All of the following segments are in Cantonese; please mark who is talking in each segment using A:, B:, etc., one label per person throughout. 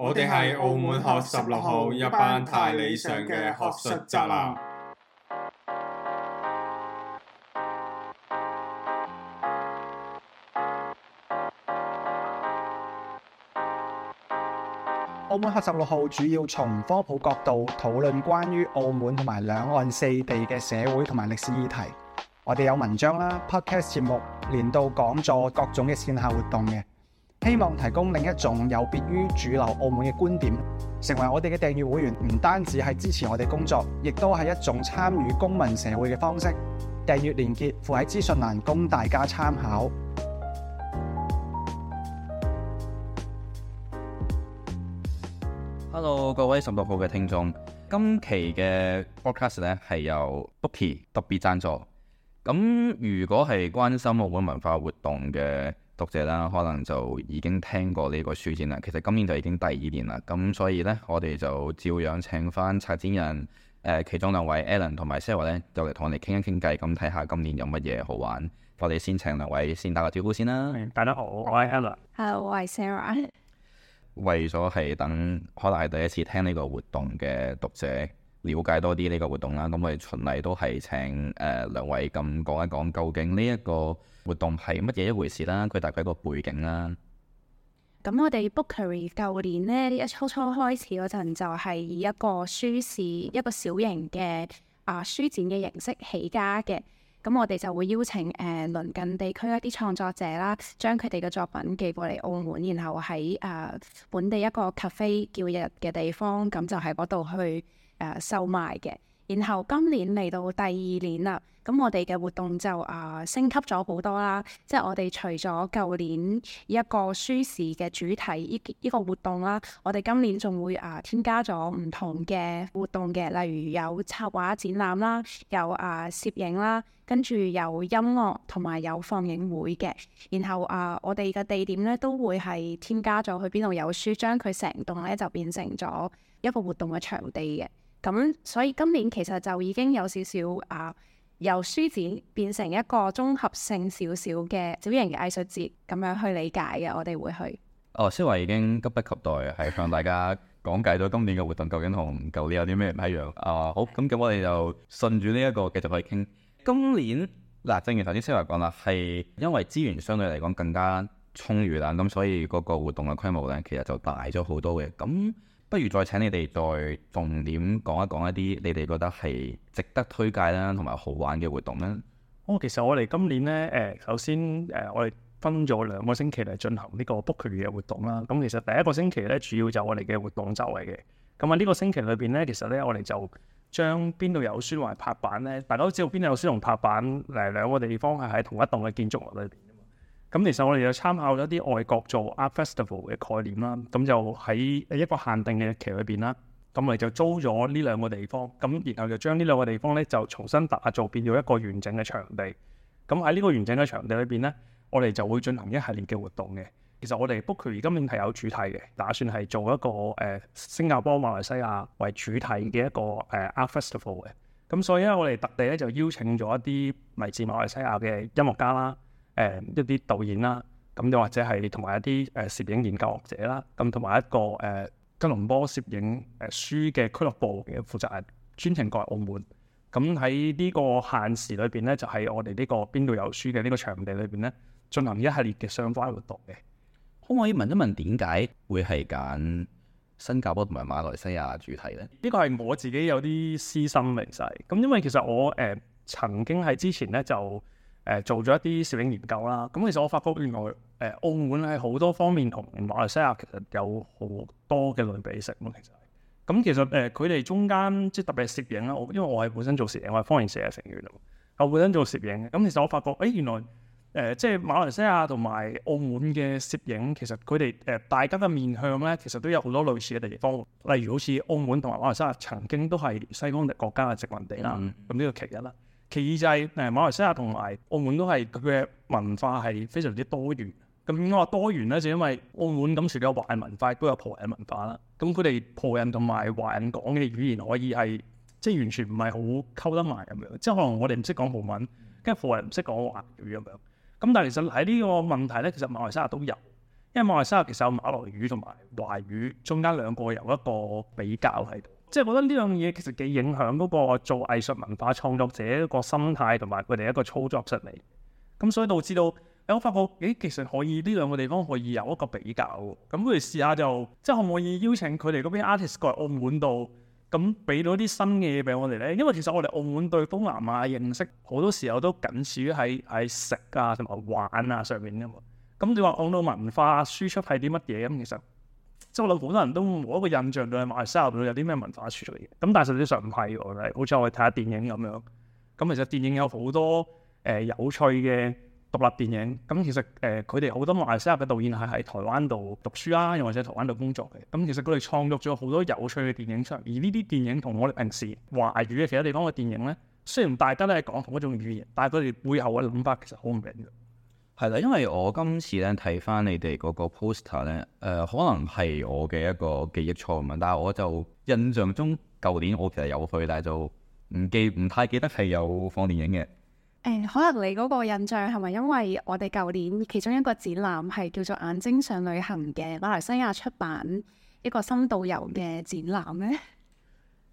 A: 我哋係澳門學十六號一班太理想嘅學術宅男。
B: 澳門學十六號主要從科普角度討論關於澳門同埋兩岸四地嘅社會同埋歷史議題。我哋有文章啦、podcast 節目、年度講座、各種嘅線下活動嘅。希望提供另一種有別於主流澳門嘅觀點，成為我哋嘅訂閱會員，唔單止係支持我哋工作，亦都係一種參與公民社會嘅方式。訂閱連結附喺資訊欄，供大家參考。
A: Hello，各位十六號嘅聽眾，今期嘅 podcast 咧係由 Bookery 特別讚助。咁如果係關心澳門文化活動嘅，讀者啦，可能就已經聽過呢個書展啦。其實今年就已經第二年啦，咁所以呢，我哋就照樣請翻策展人，誒、呃、其中兩位 Alan 同埋 Sara 呢，就嚟同我哋傾一傾偈，咁睇下今年有乜嘢好玩。我哋先請兩位先打個招呼先啦。大家好，我係 Alan。
C: Hello，我係 Sara。
A: 為咗係等可能係第一次聽呢個活動嘅讀者，了解多啲呢個活動啦，咁我哋循例都係請誒兩位咁講一講，究竟呢一個活動係乜嘢一回事啦？佢大概一個背景啦。
C: 咁我哋 Bookery 舊年呢，一初初開始嗰陣，就係以一個書市一個小型嘅啊書展嘅形式起家嘅。咁我哋就會邀請誒、啊、鄰近地區一啲創作者啦，將佢哋嘅作品寄過嚟澳門，然後喺誒、啊、本地一個 cafe 叫日嘅地方，咁就喺嗰度去。誒、啊、售賣嘅，然後今年嚟到第二年啦，咁我哋嘅活動就啊升級咗好多啦，即係我哋除咗舊年一個書市嘅主題依依個活動啦，我哋今年仲會啊添加咗唔同嘅活動嘅，例如有插畫展覽啦，有啊攝影啦，跟住有音樂同埋有放映會嘅，然後啊我哋嘅地點咧都會係添加咗去邊度有書，將佢成棟咧就變成咗一個活動嘅場地嘅。咁、嗯、所以今年其實就已經有少少啊、呃，由書展變成一個綜合性少少嘅小型嘅藝術節咁樣去理解嘅，我哋會去。
A: 哦，思華已經急不及待，係向大家講解到今年嘅活動究竟同舊年有啲咩唔一樣。啊，好，咁咁我哋就順住呢一個繼續去以傾。的今年嗱、啊，正如頭先思華講啦，係因為資源相對嚟講更加充裕啦，咁所以嗰個活動嘅規模咧，其實就大咗好多嘅。咁不如再請你哋再重點講一講一啲你哋覺得係值得推介啦，同埋好玩嘅活動咧。
B: 哦，其實我哋今年咧，誒，首先誒、呃，我哋分咗兩個星期嚟進行呢個 Bookery、er、嘅活動啦。咁、嗯、其實第一個星期咧，主要就我哋嘅活動周圍嘅。咁、嗯、啊，呢、這個星期裏邊咧，其實咧，我哋就將邊度有書或者拍板咧，大家都知道邊度有書同拍板，誒，兩個地方係喺同一棟嘅建築物裏邊。咁其實我哋就參考咗啲外國做 Art Festival 嘅概念啦，咁就喺一個限定嘅日期裏邊啦，咁我哋就租咗呢兩個地方，咁然後就將呢兩個地方咧就重新搭打造變咗一個完整嘅場地。咁喺呢個完整嘅場地裏邊咧，我哋就會進行一系列嘅活動嘅。其實我哋 Bookery 今年係有主題嘅，打算係做一個誒、呃、新加坡馬來西亞為主題嘅一個誒、呃、Art Festival 嘅。咁所以咧，我哋特地咧就邀請咗一啲嚟自馬來西亞嘅音樂家啦。誒、呃、一啲導演啦，咁又或者係同埋一啲誒、呃、攝影研究學者啦，咁同埋一個誒吉隆坡攝影誒、呃、書嘅俱樂部嘅負責人專程過嚟澳門，咁喺呢個限時裏邊咧，就喺、是、我哋呢個邊度有書嘅呢個場地裏邊咧，進行一系列嘅相關活動嘅。可唔可以問一問點解會係揀
A: 新加坡同埋馬來西亞主題咧？
B: 呢個係我自己有啲私心嚟曬，咁、嗯、因為其實我誒、呃、曾經喺之前咧就。誒做咗一啲攝影研究啦，咁其實我發覺原來誒澳門喺好多方面同馬來西亞其實有好多嘅類比性咯，其實，咁其實誒佢哋中間即係特別係攝影啦，我因為我係本身做攝影，我係方言社嘅成員，我本身做攝影，咁其實我發覺誒原來誒即係馬來西亞同埋澳門嘅攝影，其實佢哋誒大家嘅面向咧，其實都有好多類似嘅地方，例如好似澳門同埋馬來西亞曾經都係西方嘅國家嘅殖民地啦，咁呢個其一啦。嗯其二就係、是、誒馬來西亞同埋澳門都係佢嘅文化係非常之多元。咁我話多元呢，就因為澳門咁除咗有華人文化，都有葡人文化啦。咁佢哋葡人同埋華人講嘅語言可以係即係完全唔係好溝得埋咁樣。即、就、係、是、可能我哋唔識講葡文，跟住葡人唔識講華語咁樣。咁但係其實喺呢個問題呢，其實馬來西亞都有，因為馬來西亞其實有馬來語同埋華語中間兩個有一個比較喺度。即係覺得呢樣嘢其實幾影響嗰個做藝術文化創作者一個心態同埋佢哋一個操作出嚟，咁所以導致到，誒、哎、我發覺，咦其實可以呢兩個地方可以有一個比較，咁不如試下就，即係可唔可以邀請佢哋嗰邊 artist 過嚟澳門度，咁俾到啲新嘅嘢俾我哋咧，因為其實我哋澳門對東南亞認識好多時候都僅止於喺喺食啊同埋玩啊上面噶嘛，咁你話澳門文化輸出係啲乜嘢咁其實？我老本人都冇一個印象對埋 m y s 有啲咩文化傳理。咁但係實際上唔係，似我哋睇下電影咁樣，咁其實電影有好多誒、呃、有趣嘅獨立電影，咁其實誒佢哋好多 m y s e 嘅導演係喺台灣度讀書啦，又或者台灣度工作嘅，咁其實佢哋創作咗好多有趣嘅電影出嚟，而呢啲電影同我哋平時華語嘅其他地方嘅電影咧，雖然大家都係講同一種語言，但係佢哋背後嘅諗法其實好唔一樣。係
A: 啦，因為我今次咧睇翻你哋嗰個 poster 咧，誒、呃、可能係我嘅一個記憶錯誤，但係我就印象中舊年我其實有去，但係就唔記唔太記得係有放電影嘅。
C: 誒、嗯，可能你嗰個印象係咪因為我哋舊年其中一個展覽係叫做《眼睛上旅行》嘅馬來西亞出版一個深度遊嘅展覽咧？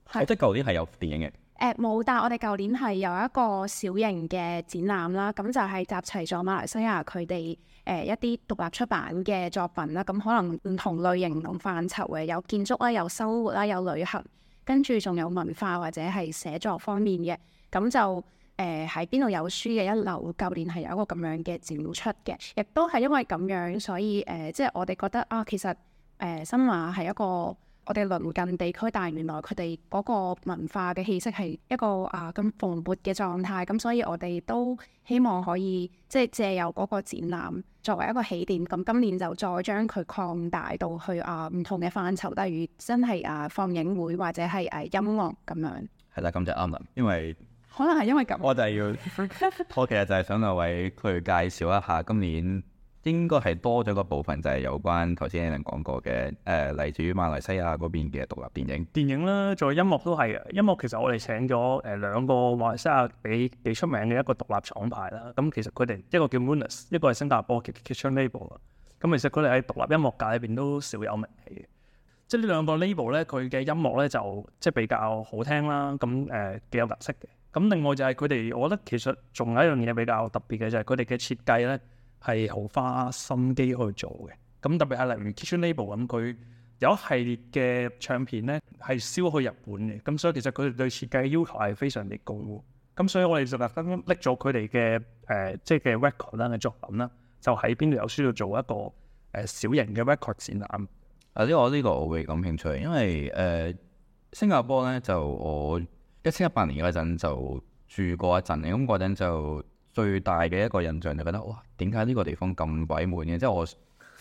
C: 係 是，是即
A: 係舊年係有電影嘅。
C: 誒冇、嗯，但係我哋舊年係有一個小型嘅展覽啦，咁就係集齊咗馬來西亞佢哋誒一啲獨立出版嘅作品啦。咁可能唔同類型唔同範疇嘅，有建築啦，有生活啦，有旅行，跟住仲有文化或者係寫作方面嘅。咁就誒喺邊度有書嘅一樓，舊年係有一個咁樣嘅展出嘅，亦都係因為咁樣，所以誒、呃，即係我哋覺得啊，其實誒、呃、新馬係一個，我哋鄰近地區，但原來佢哋嗰個文化嘅氣息係一個啊咁蓬勃嘅狀態，咁所以我哋都希望可以即係借由嗰個展覽作為一個起點，咁今年就再將佢擴大到去啊唔同嘅範疇，例如真係啊放映會或者係誒、啊、音樂咁樣。
A: 係啦，咁就啱啦，因為可能係因為咁，我就係要 我其實就係想兩位佢介紹一下今年。應該係多咗個部分，就係有關頭先 Alan 講過嘅，誒、呃，嚟自於馬來西亞嗰邊嘅獨立電影、
B: 電影啦，再音樂都係嘅。音樂其實我哋請咗誒、呃、兩個馬來西亞比幾出名嘅一個獨立廠牌啦。咁、嗯、其實佢哋一個叫 m o o n s 一個係新加坡嘅 Kitchen Label 啦。咁其，其，其、嗯、其實佢哋喺獨立音樂界裏邊都少有名氣嘅。即係呢兩個 label 咧，佢嘅音樂咧就即係比較好聽啦。咁誒幾有特色嘅。咁、嗯、另外就係佢哋，我覺得其實仲有一樣嘢比較特別嘅就係佢哋嘅設計咧。係好花心機去做嘅，咁、嗯、特別係、啊、例如 Kitchen Label 咁、嗯，佢有一系列嘅唱片咧係燒去日本嘅，咁、嗯、所以其實佢哋對設計嘅要求係非常之高嘅，咁、嗯、所以我哋就特登拎咗佢哋嘅誒，即係嘅 record 啦嘅作品啦，就喺邊度有需要做一個誒、呃、小型嘅 record 展覽。啊，呢、這個呢、這個我會、
A: 這個、感興趣，因為誒、呃、新加坡咧就我二千一八年嗰陣就住過一陣咁嗰陣就。最大嘅一個印象就覺得哇，點解呢個地方咁鬼悶嘅？即係我，即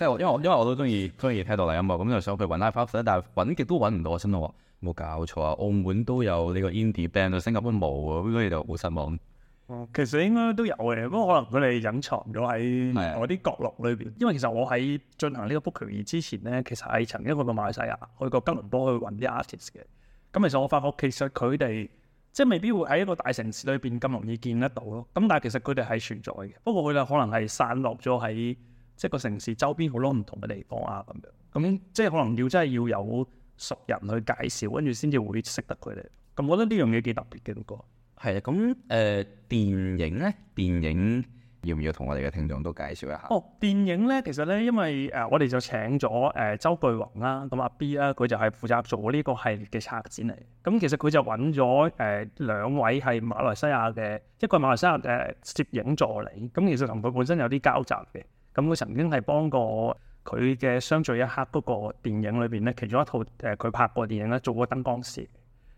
A: 係我，因為我因為我都中意中意聽獨立音樂，咁就想去揾 Live House，但係揾極都揾唔到，我心諗冇搞錯啊！澳門都有呢個 indie band，到新加坡冇啊，
B: 咁所以就好失望。其實應該都有嘅，不過可能佢哋隱藏咗喺我啲角落裏邊。的因為其實我喺進行呢個 Bookery 2.0之前咧，其實係曾經去過馬來西亞，去過吉隆坡去揾啲 artist 嘅。咁其實我發覺其實佢哋。即係未必會喺一個大城市裏邊咁容易見得到咯。咁但係其實佢哋係存在嘅。不過佢哋可能係散落咗喺即係個城市周邊好多唔同嘅地方啊咁樣。咁即係可能要真係要有熟人去介紹，跟住先至會識得佢哋。咁我覺得呢樣嘢幾特別嘅咁個。
A: 係啊。咁誒、呃、電影咧，電影。要唔要同我哋嘅聽眾都介紹
B: 一下？哦，電影咧，其實咧，因為誒、呃，我哋就請咗誒、呃、周巨宏啦、啊，咁阿 B 啦、啊，佢就係負責做呢個系列嘅策展嚟。咁、嗯、其實佢就揾咗誒兩位係馬來西亞嘅，一個係馬來西亞誒攝影助理。咁、嗯、其實同佢本身有啲交集嘅。咁、嗯、佢曾經係幫過佢嘅相聚一刻嗰個電影裏邊咧，其中一套誒佢拍過嘅電影咧，做過燈光師。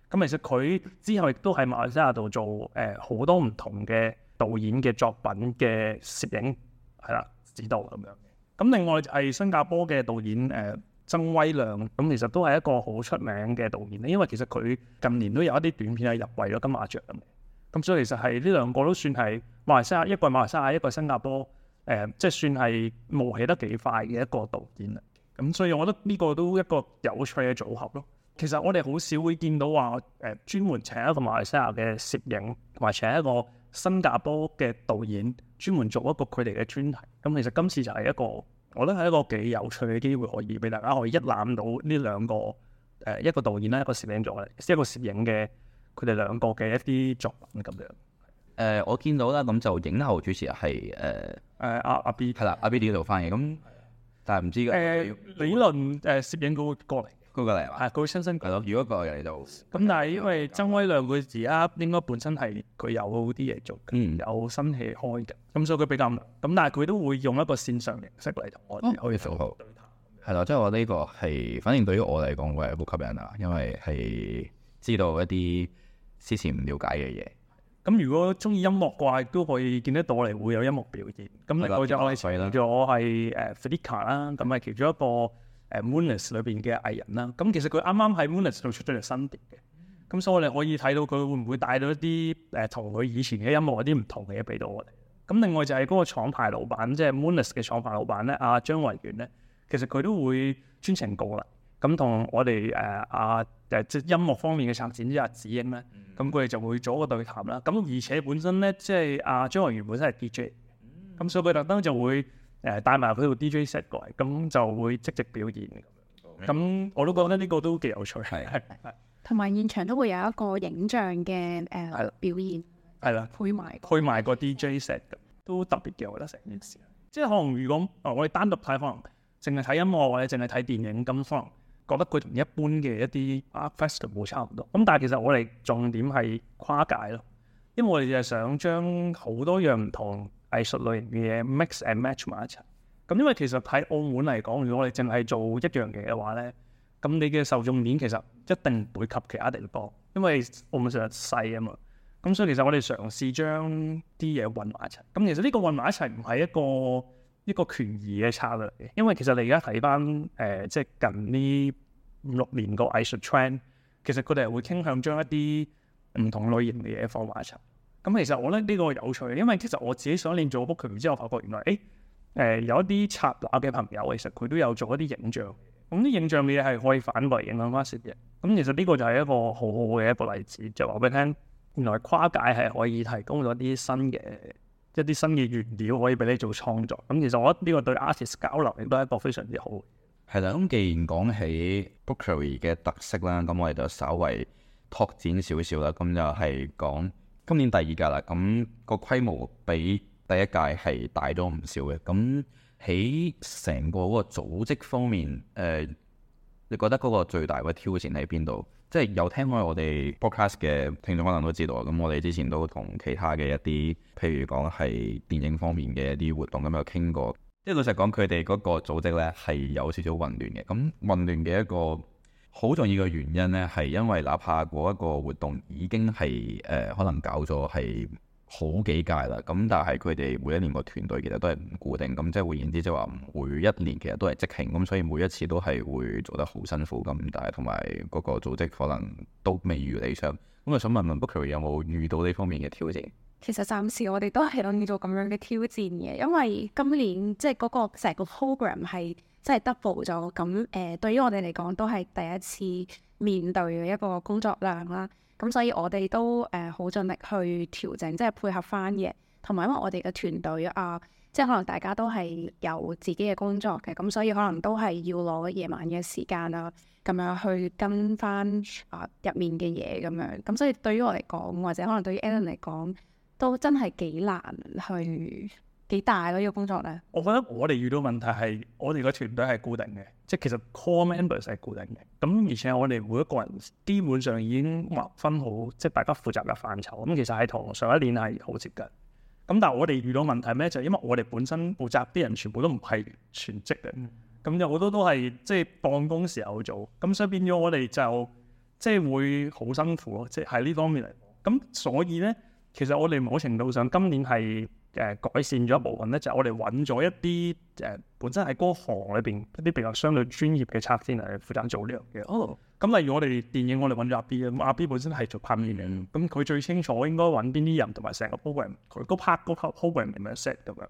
B: 咁、嗯、其實佢之後亦都喺馬來西亞度做誒呃、好多唔同嘅。導演嘅作品嘅攝影係啦，指導咁樣。咁另外就係新加坡嘅導演誒、呃、曾威亮，咁、嗯、其實都係一個好出名嘅導演咧。因為其實佢近年都有一啲短片係入圍咗金馬獎嘅。咁、嗯、所以其實係呢兩個都算係馬來西亞一個馬來西亞一個新加坡誒、呃，即係算係冒起得幾快嘅一個導演啦。咁、嗯、所以我覺得呢個都一個有趣嘅組合咯。其實我哋好少會見到話誒、呃、專門請一個馬來西亞嘅攝影，同埋請一個新加坡嘅導演專門做一個佢哋嘅專題，咁其實今次就係一個，我覺得係一個幾有趣嘅機會，可以俾大家可以一覽到呢兩個誒、呃、一個導演啦，一個攝影組嘅，一個攝影嘅佢哋兩個嘅一啲作品咁樣。誒、
A: 呃，我見到啦，咁就影後主持係誒誒阿阿 B，係啦，阿、啊、B 呢度翻嘅，咁但係唔知嘅、呃、理論誒攝影嗰個過嚟。嗰個嚟啊！佢
B: 會親身嚟咯。如果過嚟到，咁，但係因為曾威亮佢而家應該本身係佢有啲嘢做嘅，有新戲開嘅，咁所以佢比較咁。但係佢都會用一個線上形式嚟同我哋開做好對
A: 談。係咯，即係我覺得呢個係，反正對於我嚟講，我係好吸引啊，因為係知道一啲之前唔了解嘅嘢。
B: 咁如果中意音樂嘅話，都可以見得到嚟會有音樂表演。咁另外就仲有我係誒 Frida 啦，咁係其中一個。誒 Moonless 裏邊嘅藝人啦，咁其實佢啱啱喺 Moonless 度出咗隻新碟嘅，咁所以我哋可以睇到佢會唔會帶到一啲誒同佢以前嘅音樂有啲唔同嘅嘢俾到我哋。咁另外就係嗰個廠牌老闆，即係 Moonless 嘅廠牌老闆咧，阿張惠元咧，其實佢都會專程過嚟，咁同我哋誒阿誒即係音樂方面嘅策展者阿子英咧，咁佢哋就會做一個對談啦。咁而且本身咧，即係阿張惠元本身係 DJ，咁所以佢特登就會。誒帶埋佢個 DJ set 過嚟，咁就會即席表演咁
C: Okay.
B: 我都覺得呢個都幾有趣。係係 Okay. 是。
C: 同埋現場都會有一個影像嘅誒、呃、的表演。
B: 係啦的、那個，配埋配埋個 DJ set 的都特別嘅。我覺得成件事。即係可能如果啊、呃，我哋單獨睇可能淨係睇音樂或者淨係睇電影，咁可能覺得佢同一般嘅一啲 art festival 差唔多。咁但係其實我哋重點係跨界咯，因為我哋就係想將好多樣唔同。藝術類型嘅嘢 mix and match 埋一齊，咁因為其實喺澳門嚟講，如果我哋淨係做一樣嘢嘅話咧，咁你嘅受眾面其實一定唔會及其他地方，因為澳門實在細啊嘛。咁所以其實我哋嘗試將啲嘢混埋一齊。咁其實呢個混埋一齊唔係一個一個權宜嘅策略嚟嘅，因為其實你而家睇返誒，即係近呢五六年個藝術 trend，其實佢哋係會傾向將一啲唔同類型嘅嘢放埋一齊。咁其實我覺得呢個有趣，因為其實我自己想練做 Bookery，然之後發覺原來誒誒、欸呃、有一啲插畫嘅朋友，其實佢都有做一啲影像。咁、嗯、啲影像你嘢係可以反過嚟影像化攝影。咁、嗯、其實呢個就係一個好好嘅一個例子，就話俾你聽原來跨界係可以提供咗啲新嘅一啲新嘅原料，可以俾你做創作。咁、嗯、其實我覺得呢個對 artist 交流亦都係一個非常之好嘅。係啦、嗯，咁既然講起
A: Bookery 嘅特色啦，咁我哋就稍微拓展少少啦。咁就係講。今年第二屆啦，咁個規模比第一屆係大咗唔少嘅。咁喺成個嗰個組織方面，誒，你覺得嗰個最大嘅挑戰喺邊度？即係有聽開我哋 podcast 嘅聽眾可能都知道，咁我哋之前都同其他嘅一啲，譬如講係電影方面嘅一啲活動咁有傾過。即係老實講，佢哋嗰個組織呢係有少少混亂嘅。咁混亂嘅一個。好重要嘅原因呢，係因為哪怕嗰一個活動已經係誒、呃、可能搞咗係好幾屆啦，咁但係佢哋每一年個團隊其實都係唔固定，咁即係換言之，即係話每一年其實都係即興，咁所以每一次都係會做得好辛苦咁，但係同埋嗰個組織可能都未如理想，咁啊想問問問問 Bookery 有冇遇到呢方面嘅挑戰？
C: 其實暫時我哋都係係遇到咁樣嘅挑戰嘅，因為今年即係嗰個成個 program 係，即係 double 咗咁，誒，對於我哋嚟講都係第一次面對嘅一個工作量啦。咁所以我哋都誒好盡力去調整，即係配合翻嘅。同埋因為我哋嘅團隊啊，即係可能大家都係有自己嘅工作嘅，咁所以可能都係要攞夜晚嘅時間啊，咁樣去跟翻啊入面嘅嘢咁樣。咁所以對於我嚟講，或者可能對於 Alan 嚟講，都真係幾難去。幾大咯、啊？呢、這個工作咧，我
B: 覺得我哋遇到問題係我哋個團隊係固定嘅，即係其實 core members 係固定嘅。咁而且我哋每一個人基本上已經劃分好，即係大家負責嘅範疇。咁其實係同上一年係好接近。咁但係我哋遇到問題咩？就係因為我哋本身負責啲人全部都唔係全職嘅，咁有好多都係即係辦公時候做。咁所以變咗我哋就即係會好辛苦咯，即係喺呢方面嚟。咁所以咧，其實我哋某程度上今年係。誒改善咗一部分咧，就係、我哋揾咗一啲誒本身喺嗰行裏邊一啲比較相對專業嘅策展嚟負責做呢樣嘢。哦，咁例如我哋電影我哋揾咗阿 B 嘅，阿 B 本身係做拍片嘅，咁佢、mm. 最清楚應該揾邊啲人同埋成個 program，佢個拍個 program set 咁樣。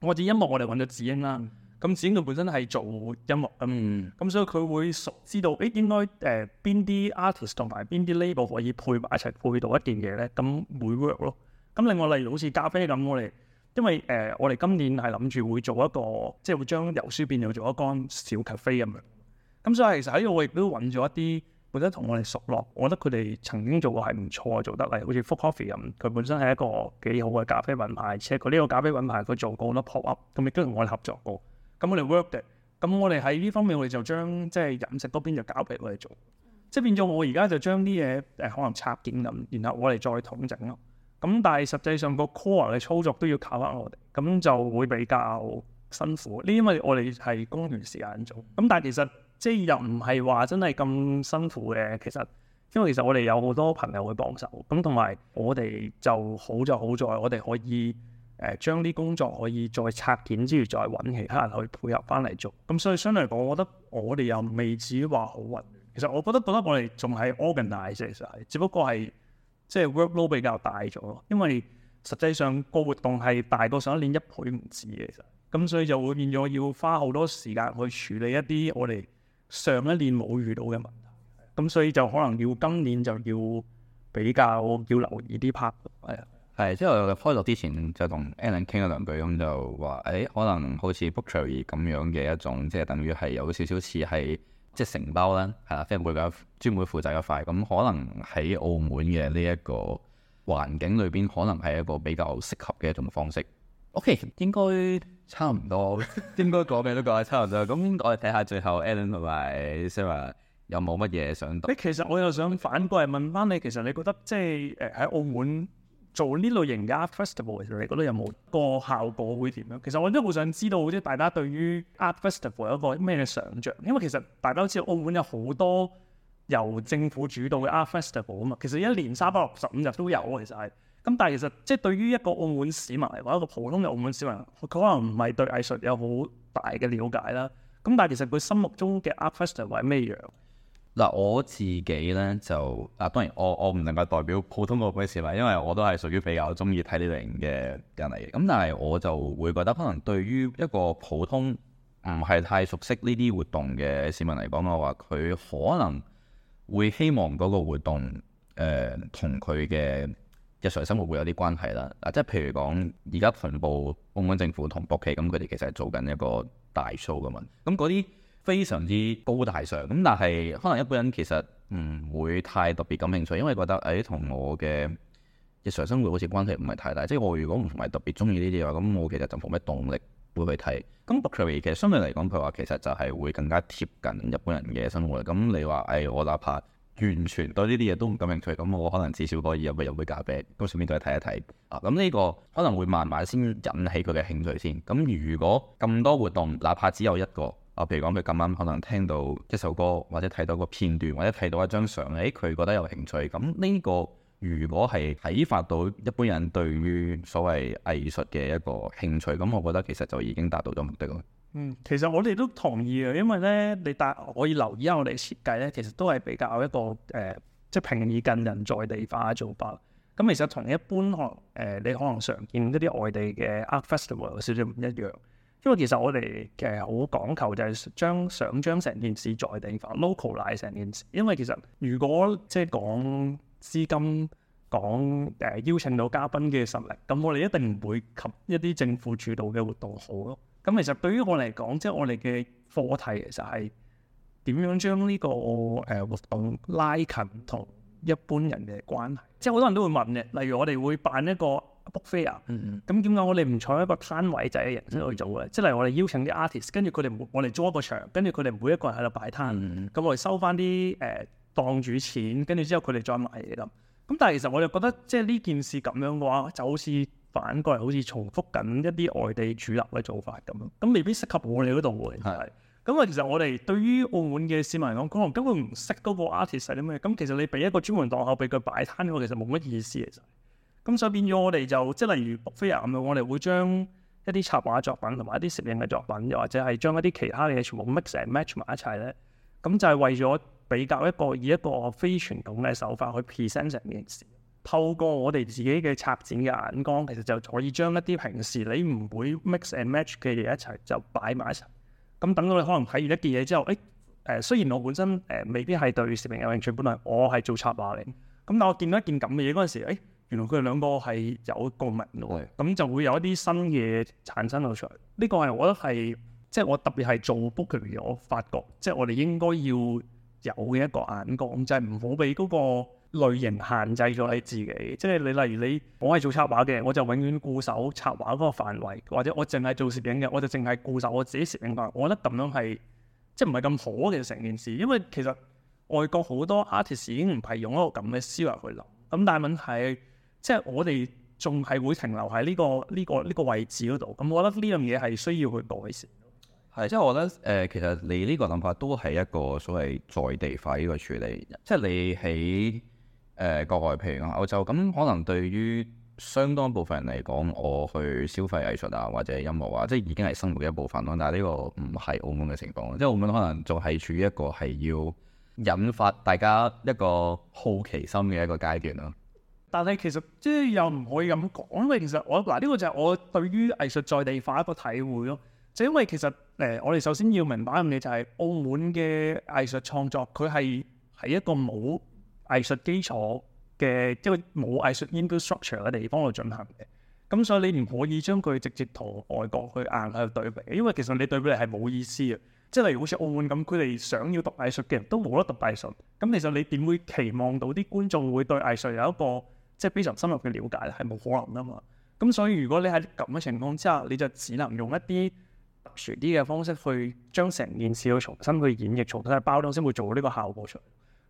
B: 我哋音樂我哋揾咗子英啦，咁子英佢本身係做音樂嘅，咁、嗯、所以佢會熟知道誒、欸、應該誒邊、呃、啲 artist 同埋邊啲 label 可以配埋一齊配到一件嘢咧，咁會 work 咯。咁另外例如好似咖啡咁，我哋因為誒我哋今年係諗住會做一個，即係會將油書變做做一間小咖啡咁樣。咁所以其實喺度，我亦都揾咗一啲本身同我哋熟落。我覺得佢哋曾經做過係唔錯，做得嚟好似 Full Coffee 咁，佢本身係一個幾好嘅咖啡品牌。而且佢呢個咖啡品牌佢做過好多 pop up，咁亦都同我哋合作過。咁我哋 work the，咁我哋喺呢方面我哋就將即係飲食嗰邊就交俾我哋做，即係變咗我而家就將啲嘢可能插件咁，然後我哋再統整咯。咁但係實際上個 core 嘅操作都要靠翻我哋，咁就會比較辛苦。呢，因為我哋係工餘時間做，咁但係其實即係又唔係話真係咁辛苦嘅。其實因為其實我哋有好多朋友去幫手，咁同埋我哋就好就好在我哋可以誒、呃、將啲工作可以再拆件之餘，再揾其他人去配合翻嚟做。咁所以相對嚟講，我覺得我哋又未至於話好混亂。其實我覺得覺得我哋仲係 organised，其實係，只不過係。即係 workload 比較大咗因為實際上個活動係大過上一年一倍唔止嘅，其實咁所以就會變咗要花好多時間去處理一啲我哋上一年冇遇到嘅問題，咁所以就可能要今年就要比較要留意啲 part。係啊，
A: 係，即係我開錄之前就同 Alan 傾咗兩句，咁就話誒、哎，可能好似 book tour 咁樣嘅一種，即係等於係有少少似係。即係承包啦，係啦，飛人會嘅專門負責嘅塊，咁可能喺澳門嘅呢一個環境裏邊，可能係一個比較適合嘅一種方式。OK，應該差唔多， 應該講嘅都講得差唔多。咁 我哋睇下最後 Alan 同埋 Sara 有冇乜嘢想
B: 誒，其實我又想反過嚟問翻你，其實你覺得即係誒喺澳門做呢類型嘅 art festival，其實你覺得有冇個效果會點樣？其實我都好想知道，即係大家對於 art festival 有一個咩嘅想像？因為其實大家都知道澳門有好多由政府主導嘅 art festival 啊嘛，其實一年三百六十五日都有啊，其實係。咁但係其實即係對於一個澳門市民嚟講，一個普通嘅澳門市民，佢可能唔係對藝術有好大嘅了解啦。咁但係其實佢心目中嘅 art festival 係咩嘢樣？
A: 嗱，我自己咧就，嗱當然我我唔能夠代表普通個嗰啲市民，因為我都係屬於比較中意睇呢類型嘅人嚟嘅。咁但係我就會覺得，可能對於一個普通唔係太熟悉呢啲活動嘅市民嚟講嘅話，佢可能會希望嗰個活動誒同佢嘅日常生活會有啲關係啦。嗱，即係譬如講，而家全部澳門政府同博企咁，佢、嗯、哋其實係做緊一個大 show 嘅、嗯、問，咁啲。非常之高大上，咁但係可能一般人其實唔、嗯、會太特別感興趣，因為覺得誒同、哎、我嘅日常生活好似關係唔係太大。即係我如果唔係特別中意呢啲嘢，咁我其實就冇咩動力會去睇。咁 Bookery 其實相對嚟講，佢話其實就係會更加貼近日本人嘅生活。咁你話誒、哎，我哪怕完全對呢啲嘢都唔感興趣，咁我可能至少可以入去飲杯咖啡，咁上面再睇一睇。啊，咁呢個可能會慢慢先引起佢嘅興趣先。咁如果咁多活動，哪怕只有一個。譬如講佢咁啱可能聽到一首歌，或者睇到個片段，或者睇到一張相，誒、哎，佢覺得有興趣。咁呢個如果係啟發到一般人對於所謂藝術嘅一個興趣，咁我覺得其實就已經達
B: 到咗目的咯、嗯呃。嗯，其實我哋都同意啊，因為咧，你但係可以留意下我哋設計咧，其實都係比較一個誒，即係平易近人、在地化嘅做法。咁其實同一般可能誒，你可能常見一啲外地嘅 art festival 有少少唔一樣。因為其實我哋其實好講求就係將想將成件事在地化，localize 成件事。因為其實如果即係講資金、講誒邀請到嘉賓嘅實力，咁我哋一定唔會及一啲政府主導嘅活動好咯。咁其實對於我嚟講，即係我哋嘅課題其實係點樣將呢個誒活動拉近同一般人嘅關係。即係好多人都會問嘅，例如我哋會辦一個 book fair 咁點解我哋唔採一個攤位仔嘅形式去做咧？嗯、即係我哋邀請啲 artist，跟住佢哋，們我哋租一個場，跟住佢哋每一個人喺度擺攤，咁、嗯嗯、我哋收翻啲誒檔主錢，跟住之後佢哋再賣嘢咁。咁但係其實我就覺得即係呢件事咁樣嘅話，就好似反過嚟，好似重複緊一啲外地主流嘅做法咁咯。咁未必適合我哋嗰度嚟睇。咁啊，其實，是其實我哋對於澳門嘅市民嚟講，可能根本唔識嗰個 artist 係啲咩。咁其實你俾一個專門檔口俾佢擺攤嘅話，其實冇乜意思其、啊、嚟。咁所以變咗我哋就，即係例如 book fair 咁樣，咁我哋會將一啲插畫作品同埋一啲攝影嘅作品，又或者係將一啲其他嘅嘢全部 mix and match 埋一齊咧。咁就係為咗比較一個以一個非傳統嘅手法去 present 成件事。透過我哋自己嘅插展嘅眼光，其實就可以將一啲平時你唔會 mix and match 嘅嘢一齊就擺埋一齊。咁等到你可能睇完一件嘢之後，誒、欸、誒，雖然我本身誒、欸、未必係對攝影有興趣，本來我係做插畫嘅，咁但我見到一件咁嘅嘢嗰陣時，欸原來佢哋兩個係有共鳴咯，咁對就會有一啲新嘢產生到出嚟。呢、這個係我覺得係，即、就、係、是、我特別係做 Bookery 嘅，我發覺即係我哋應該要有嘅一個眼光，就係唔好俾嗰個類型限制咗你自己。對即係你例如你我係做插畫嘅，我就永遠固守插畫嗰個範圍，或者我淨係做攝影嘅，我就淨係固守我自己攝影範。我覺得咁樣係即係唔係咁好嘅成件事，因為其實外國好多 artist 已經唔係用一個咁嘅思維去諗。咁但係問題～即係我哋仲係會停留喺呢個呢個呢個位置嗰度，咁我覺得呢樣嘢係需要去改善
A: 咯。即係我覺得誒、呃，其實你呢個諗法都係一個所謂在地化呢個處理。即係你喺誒、呃、國外，譬如話澳洲，咁可能對於相當部分人嚟講，我去消費藝術啊，或者音樂啊，即係已經係生活嘅一部分咯。但係呢個唔係澳門嘅情況，即係澳門可能仲係處於一個係要引發大家一個好奇心嘅一個階段咯。
B: 但係其實即係又唔可以咁講，因為其實我嗱呢、呢個就係我對於藝術在地化一個體會咯。就是、因為其實誒、呃，我哋首先要明白一樣嘢就係澳門嘅藝術創作，佢係喺一個冇藝術基礎嘅，即係冇藝術，術 infrastructure 嘅地方度進行嘅。咁所以你唔可以將佢直接同外國去硬去對比，因為其實你對比係冇意思嘅。即係例如好似澳門咁，佢哋想要讀藝術嘅人都冇得讀藝術，咁其實你點會期望到啲觀眾會對藝術有一個？即係非常深入嘅了解咧，係冇可能啊嘛。咁所以如果你喺咁嘅情況之下，你就只能用一啲特殊啲嘅方式去將成件事去重新去演繹、重新去包裝，先會做到呢個效果出嚟。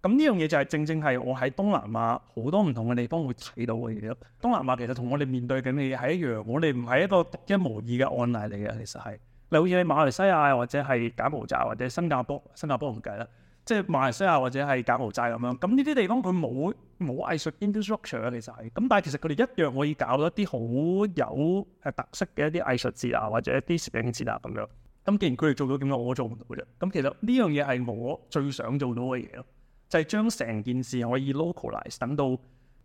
B: 咁呢樣嘢就係正正係我喺東南亞好多唔同嘅地方會睇到嘅嘢咯。東南亞其實同我哋面對緊嘅嘢係一樣，我哋唔係一個獨一無二嘅案例嚟嘅。其實係，例如好似馬來西亞或者係柬埔寨或者新加坡，新加坡唔計啦。即係馬來西亞或者係柬埔寨咁樣，咁呢啲地方佢冇冇藝術 industry 啊，其實係，咁但係其實佢哋一樣可以搞到一啲好有係特色嘅一啲藝術節啊，或者一啲攝影節啊咁樣。咁既然佢哋做到咁樣，我做唔到嘅啫。咁其實呢樣嘢係我最想做到嘅嘢咯，就係、是、將成件事可以 localize，等到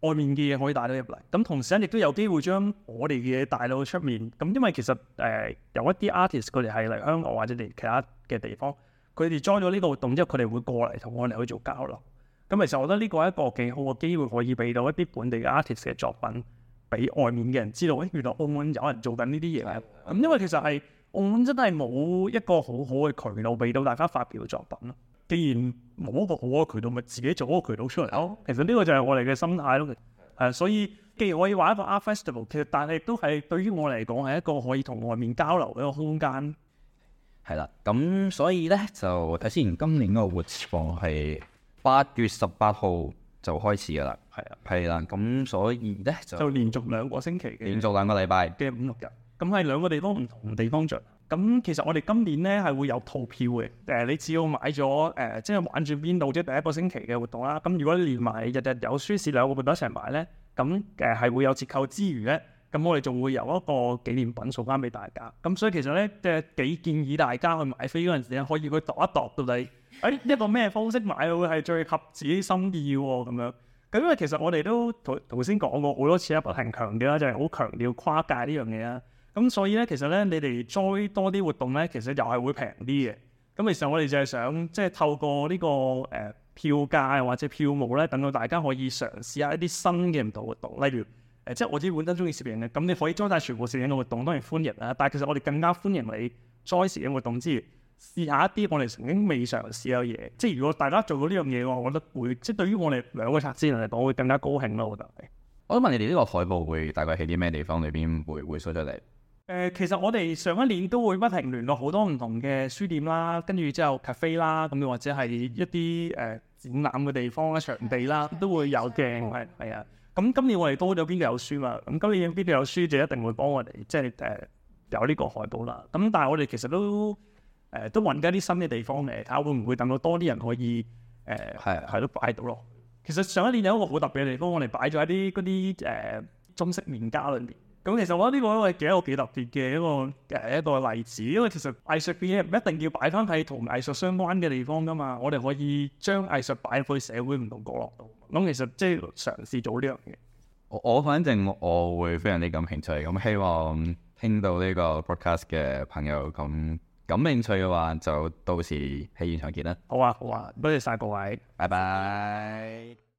B: 外面嘅嘢可以帶到入嚟。咁同時咧亦都有機會將我哋嘅嘢帶到出面。咁因為其實誒、呃、有一啲 artist 佢哋係嚟香港或者嚟其他嘅地方。佢哋裝咗呢個活動之後，佢哋會過嚟同我哋去做交流。咁其實我覺得呢個係一個幾好嘅機會，可以俾到一啲本地嘅 artist 嘅作品俾外面嘅人知道。誒、欸，原來澳門有人做緊呢啲嘢。咁因為其實係澳門真係冇一個好好嘅渠道俾到大家發表作品咯。既然冇一個好好嘅渠道，咪自己做一個渠道出嚟咯。其實呢個就係我哋嘅心態咯。係、啊，所以既然可以玩一個 art festival，其實但係都係對於我嚟講係一個可以同外面交流嘅一個空間。
A: 係啦，咁所以咧就睇先，今年個活動係八月十八號就開始噶啦係啦的，係啦，咁所以咧就，就
B: 連續兩個星期嘅，連續兩個禮拜即係五六日，咁係兩個地方唔同地方着。咁其實我哋今年咧係會有套票嘅，誒、呃，你只要買咗誒、呃，即係玩住邊度即係第一個星期嘅活動啦，咁如果你連埋日日有書市兩個半都一齊買咧，咁誒係會有折扣之餘咧。咁我哋仲會有一個紀念品送翻俾大家，咁所以其實咧嘅幾建議大家去買飛嗰陣時咧，可以去度一度到底，誒、哎、一個咩方式買會係最合自己心意喎、哦、咁樣。咁因為其實我哋都頭頭先講過好多次啦，不停強調啦，就係好強調跨界呢樣嘢啦。咁所以咧，其實咧你哋 join 多啲活動咧，其實又係會平啲嘅。咁其實我哋就係想即係透過呢個誒、呃、票價或者票務咧，等到大家可以嘗試下一啲新嘅唔同活動，例如。誒、呃、即係我自己本身中意攝影嘅，咁你可以 join 晒全部攝影嘅活動，當然歡迎啦。但係其實我哋更加歡迎你 join 攝影活動之餘，試下一啲我哋曾經未嘗試嘅嘢。即係如果大家做過呢樣嘢嘅話，我覺得會即係對於我哋兩個策展人嚟講，會更加高興咯。我覺得。我想問你哋呢個海
A: 報會大概喺啲咩地方裏邊會會 show 出嚟？誒、
B: 呃，其實我哋上一年都會不停聯絡好多唔同嘅書店啦，跟住之後 cafe 啦，咁或者係一啲誒、呃、展覽嘅地方、場地啦，都會有嘅。係係啊。咁今年我哋多咗邊度有書嘛？咁今年邊度有書就一定會幫我哋，即係誒有呢個海報啦。咁但係我哋其實都誒、呃、都揾緊啲新嘅地方嚟，睇下會唔會等到多啲人可以誒係係都擺到咯。其實上一年有一個好特別嘅地方，我哋擺咗喺啲嗰啲誒中式麵家裏邊。咁其實我覺得呢個係一個幾特別嘅一個誒一個例子，因為其實藝術嘅嘢唔一定要擺翻喺同藝術相關嘅地方㗎嘛，我哋可以將藝術擺去社會唔同角落度。咁其實即係嘗試做呢樣嘢。我反正
A: 我會非常之感興趣，咁希望聽到呢個 podcast 嘅朋友咁感興趣嘅話，就到時喺現場見啦，
B: 啊。好啊好啊，多謝晒各位，拜拜。